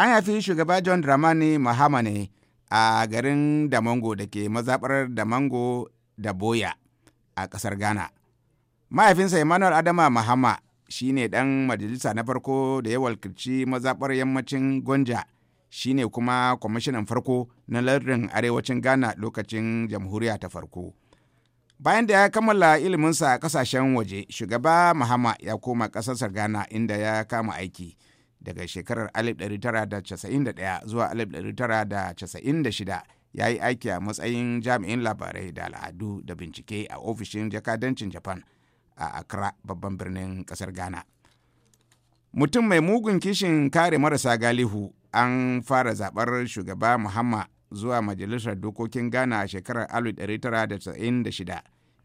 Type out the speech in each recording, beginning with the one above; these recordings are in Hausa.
an haifi shugaba john dramani mahama ne a garin damango da ke mazaɓar damango da boya a ƙasar ghana mahaifinsa emmanuel adama mahama shine dan majalisa na farko da ya walkirci mazaɓar yammacin gonja shine kuma kwamishinan farko na lardin arewacin ghana lokacin jamhuriya ta farko bayan da ya kammala iliminsa a kasashen waje shugaba mahama ya koma ƙasar ghana inda ya kama aiki daga shekarar 1991 zuwa 1996 ya yi aiki a matsayin jami'in labarai da al'adu da bincike a ofishin jakadancin japan a accra babban birnin kasar ghana mutum mai mugun kishin kare marasa galihu an fara zabar shugaba muhammad zuwa majalisar dokokin ghana a shekarar 1996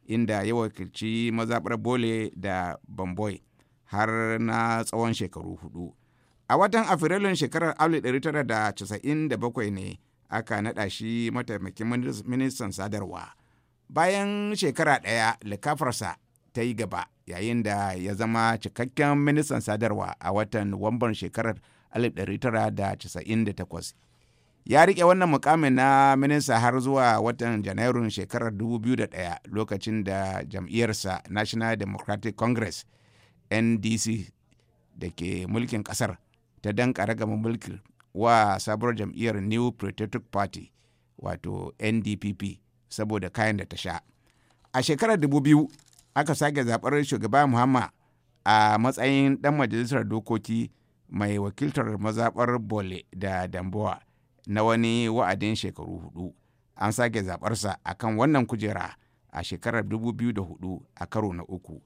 inda ya wakilci mazaɓar bole da bamboy har na tsawon shekaru hudu a watan afrilun shekarar 1997 ne aka naɗa shi mataimakin ministan sadarwa bayan shekara ɗaya likafarsa ta yi gaba yayin da ya zama cikakken ministan sadarwa a watan nuwamban shekarar 1998 ya rike wannan mukamin na minista har zuwa watan janairun shekarar 2001 lokacin da jam'iyyarsa national democratic congress ndc da ke mulkin ƙasar ta danka ragama mulki wa sabuwar jam'iyyar new patriotic party wato ndpp saboda kayan da ta sha a shekarar 2000 aka sake zaɓar shugaba muhamma a matsayin ɗan majalisar dokoki mai wakiltar mazaɓar bole da damboa na wani wa'adin shekaru hudu an sake zaɓarsa a kan wannan kujera a shekarar 2004 a karo na uku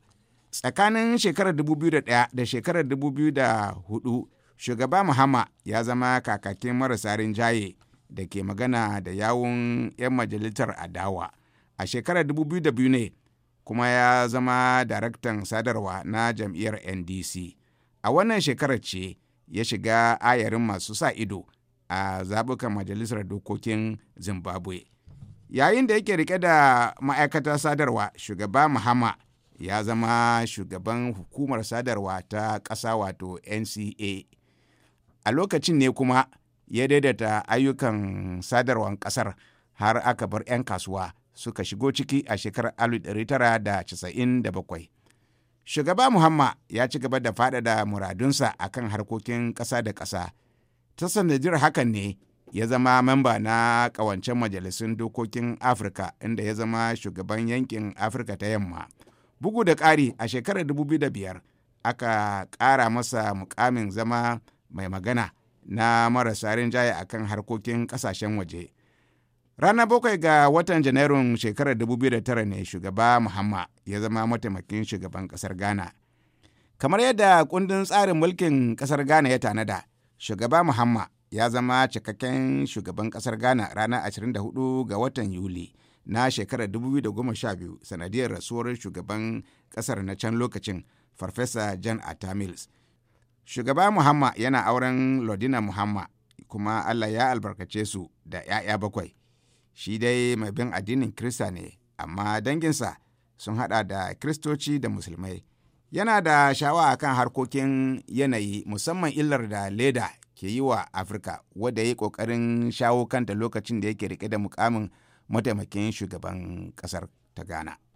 tsakanin shekarar 2001 da shekarar 2004 shugaba muhammad ya zama kakakin marasa rinjaye da ke magana da yawun 'yan majalisar adawa a shekarar 2002 ne kuma ya zama daraktan sadarwa na jam'iyyar ndc a wannan shekarar ce ya shiga ayarin masu sa ido a zaɓukan majalisar dokokin zimbabwe yayin da yake rike da ma'aikatar sadarwa shugaba muhammad ya zama shugaban hukumar sadarwa ta ƙasa wato nca a lokacin ne kuma ya daidaita ayyukan sadarwar kasar har aka bar 'yan kasuwa suka shigo ciki a shekarar 1997. Shugaba Muhamma ya ci gaba da faɗaɗa muradunsa a kan harkokin ƙasa da ƙasa. Ta sanadiyar hakan ne ya zama mamba na ƙawancen majalisun dokokin Afirka inda ya zama shugaban yankin Afirka ta yamma. Bugu da ƙari a shekarar 2005 aka ƙara masa mukamin zama mai magana na marasa rinjaye a kan harkokin kasashen waje rana bakwai ga watan janairun shekarar 2009 ne shugaba muhamma ya zama mataimakin shugaban kasar ghana kamar yadda kundin tsarin mulkin kasar ghana ya tanada shugaba muhamma ya zama cikakken shugaban kasar ghana ranar 24 ga watan yuli na shekarar 2012 sanadiyar rasuwar shugaban kasar na can lokacin farfesa jan atta mills shugaba muhamma yana auren lodina muhamma kuma allah ya albarkace su da 'ya'ya bakwai shi dai mai bin addinin krista ne amma danginsa sun hada da kristoci da musulmai yana da shawa kan harkokin yanayi musamman illar da leda ke yi wa afirka wadda ya yi kokarin shawo kanta lokacin da yake rike da mukamin mataimakin shugaban kasar ta gana.